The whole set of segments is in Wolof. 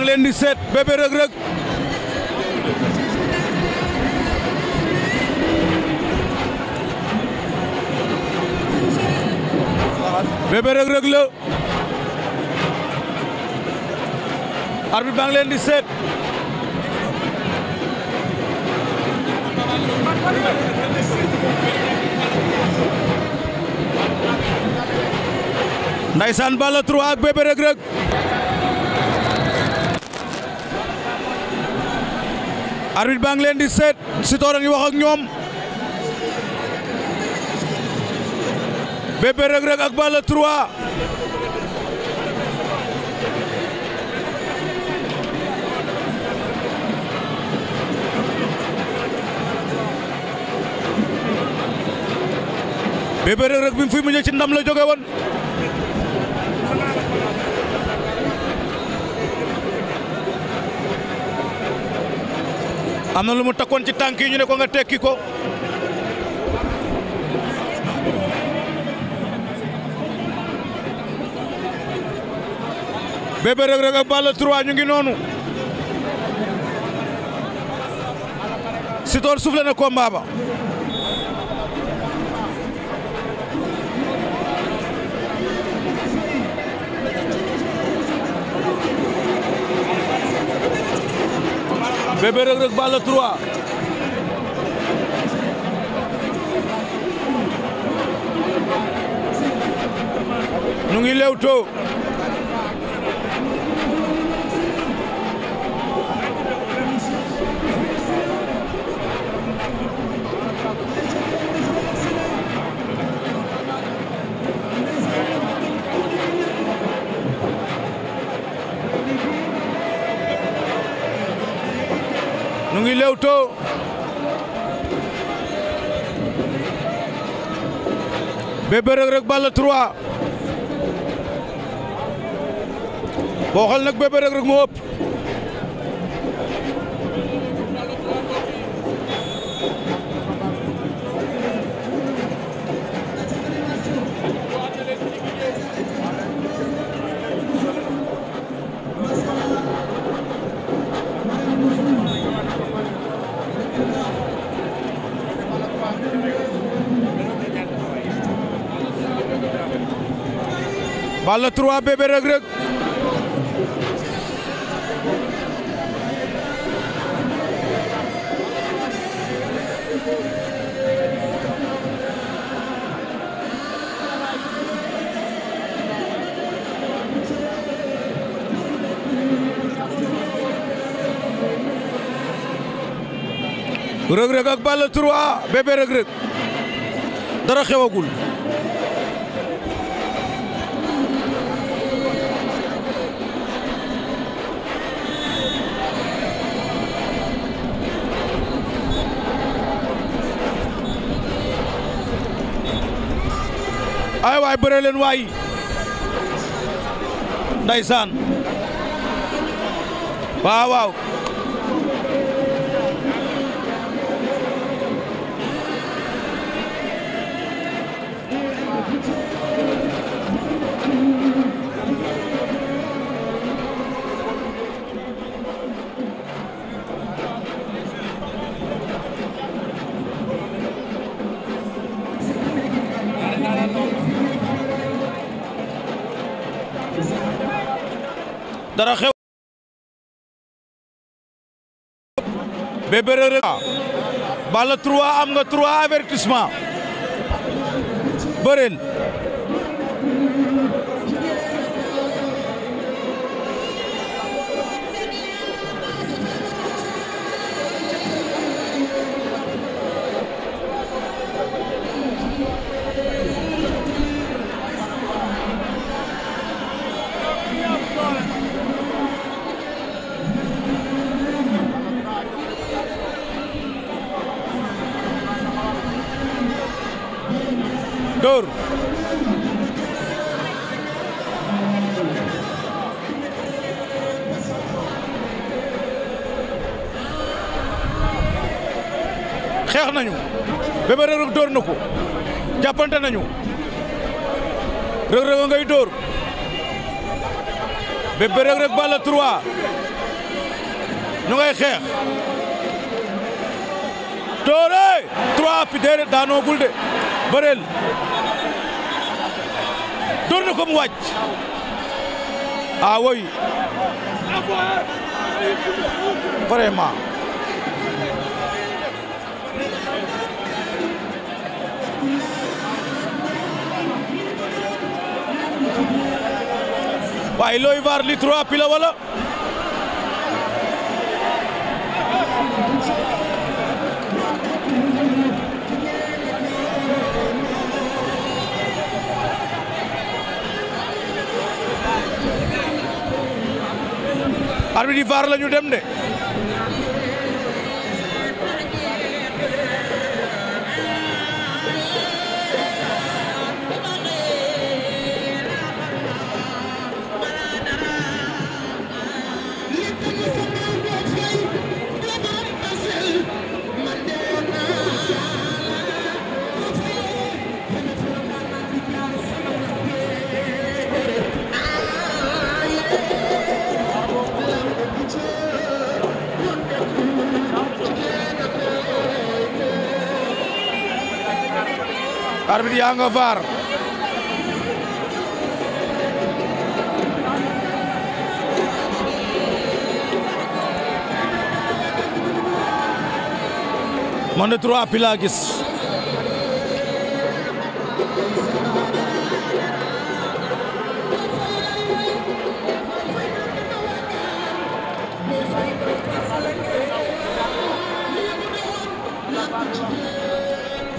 ngi leen di seet bébé Reug Reug bébé Reug Reug la arbitre baa ngi leen di seet ndaysaan ak bébé Reug arbitre baa ngi leen di seet Sitor a ngi wax ak ñoom Bébé Reug ak Balla 3 Bébé Reug Reug bi mu fi mujjee la jóge am na lu mu takkoon ci tànk yi ñu ne ko nga tekki ko Bébé Reug Reug Balla 3 ñu ngi noonu Sitor soufflé na combat mbaaba Bébé Reug Reug Balla 3 ñu ngi lewtoo ñu ngi lewtoo Bébé Reug Reug Balla 3 boo xool nag Bébé Reug Reug moo ëpp balle 3 bébé Reug Reug Reug Reug ak balle 3 bébé Reug Reug dara xewagul ay waay bëre leen waay ndeysaan waaw waaw dara xew Bébé Reug Reug Balla trois am nga trois avertissement bëreel xex nañu Bébé Reug Reug door nako jappante nañu Reug Reug a ngay dóor Bébé Reug Reug Balla 3 ñu ngay xex dóore 3 pi déere daanoogul de bëreel dóor na ko mu wacc ah way vraiment waaye looy vaar li trois pila wala arbitre yi vaar dem de arbitre yaa nga vaar man de trois appuis laa gis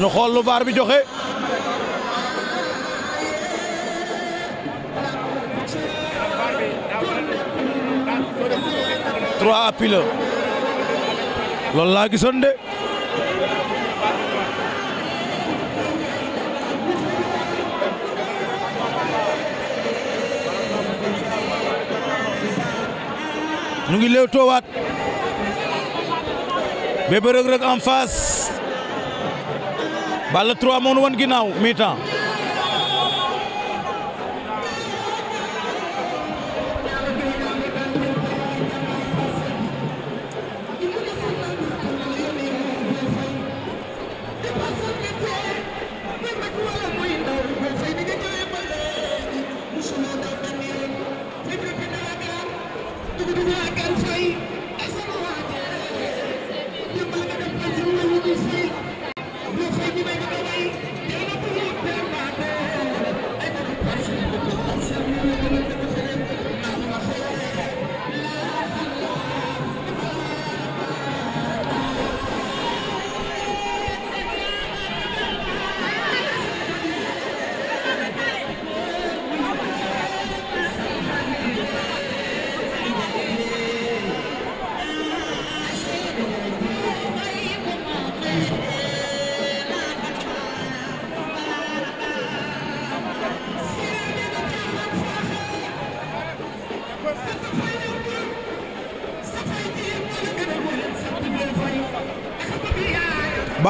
ñu xool lu VAR bi joxe trois appuis la loolu laa gisoon de ñu ngi léew toowaat Bébé Reug Reug en face Balla 3 moo nu wan ginnaaw mi-temps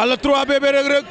Balla 3 bébé Reug Reug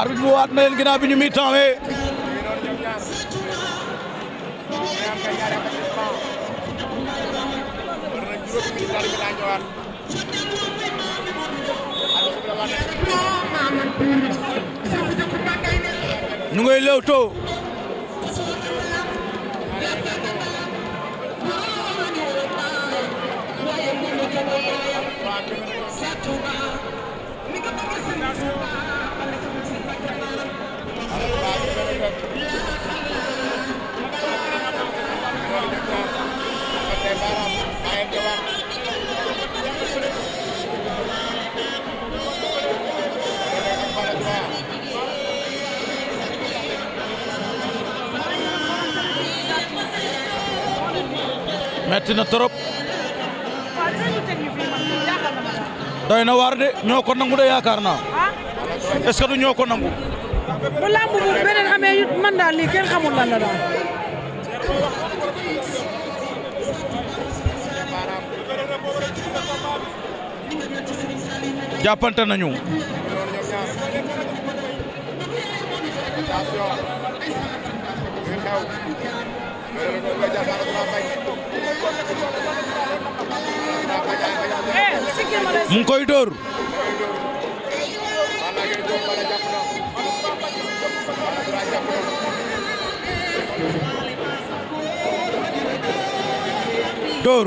arbitre bi waat na leen ginnaaw bi ñu mi tawee ñu ngay lewtoo metti na trop doy na waar de ñoo ko nangu yaakaar naa ah? est ñoo ko nangu. bu làmb bu beneen amee man daal lii kenn xamul lan la daal. nañu. mu koy dóor dóor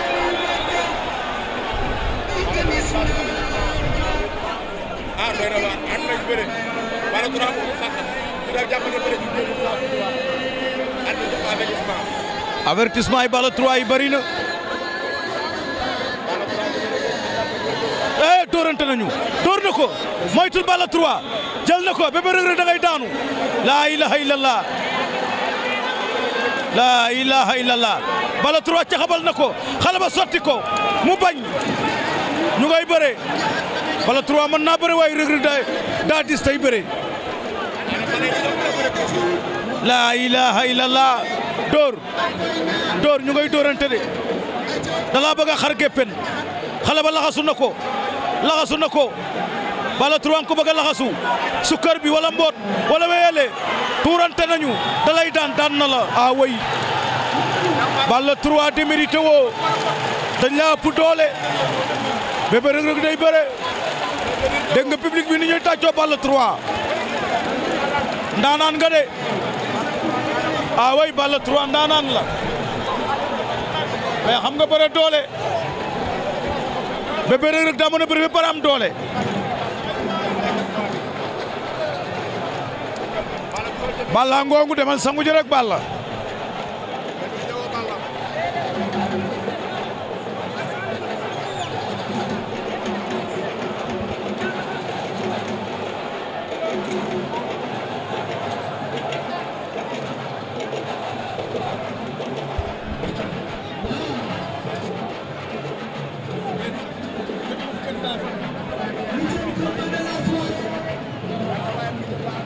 doy na waar ànd nañ bëre wala du raafu yi Balla yi bëri na. eh dóorante nañu dóor na ko moytul Balla 3 jël na ko Bébé Reug Reug daanu. laa ilaha illallah laa ilaha illallah Balla 3 caxabal na ko xale sotti ko mu bañ. ñu ngay bëre wala trois mën naa bëre waaye Reug Reug daa daa dis tay bëre laa ilaha illallah dóor dóor ñu ngay dóorante de dalaa bëgg a xar géppen xale ba laxasu na ko laxasu na ko bala turan ko bëgg a laxasu sukkër bi wala mboot wala weyale tuurante nañu dalay daan daan na la a ah way bala trois démérité woo dañ laa ëpp doole Bébé Reug Reug day bëre dégg nga public bi ni ñuy tàccoo Balla 3 ndaanaan nga de ah way Balla 3 ndaanaan la mais xam nga bëre doole Bébé Reug Reug daa mën a am doole Balla ngoongu demal sangu ji rek la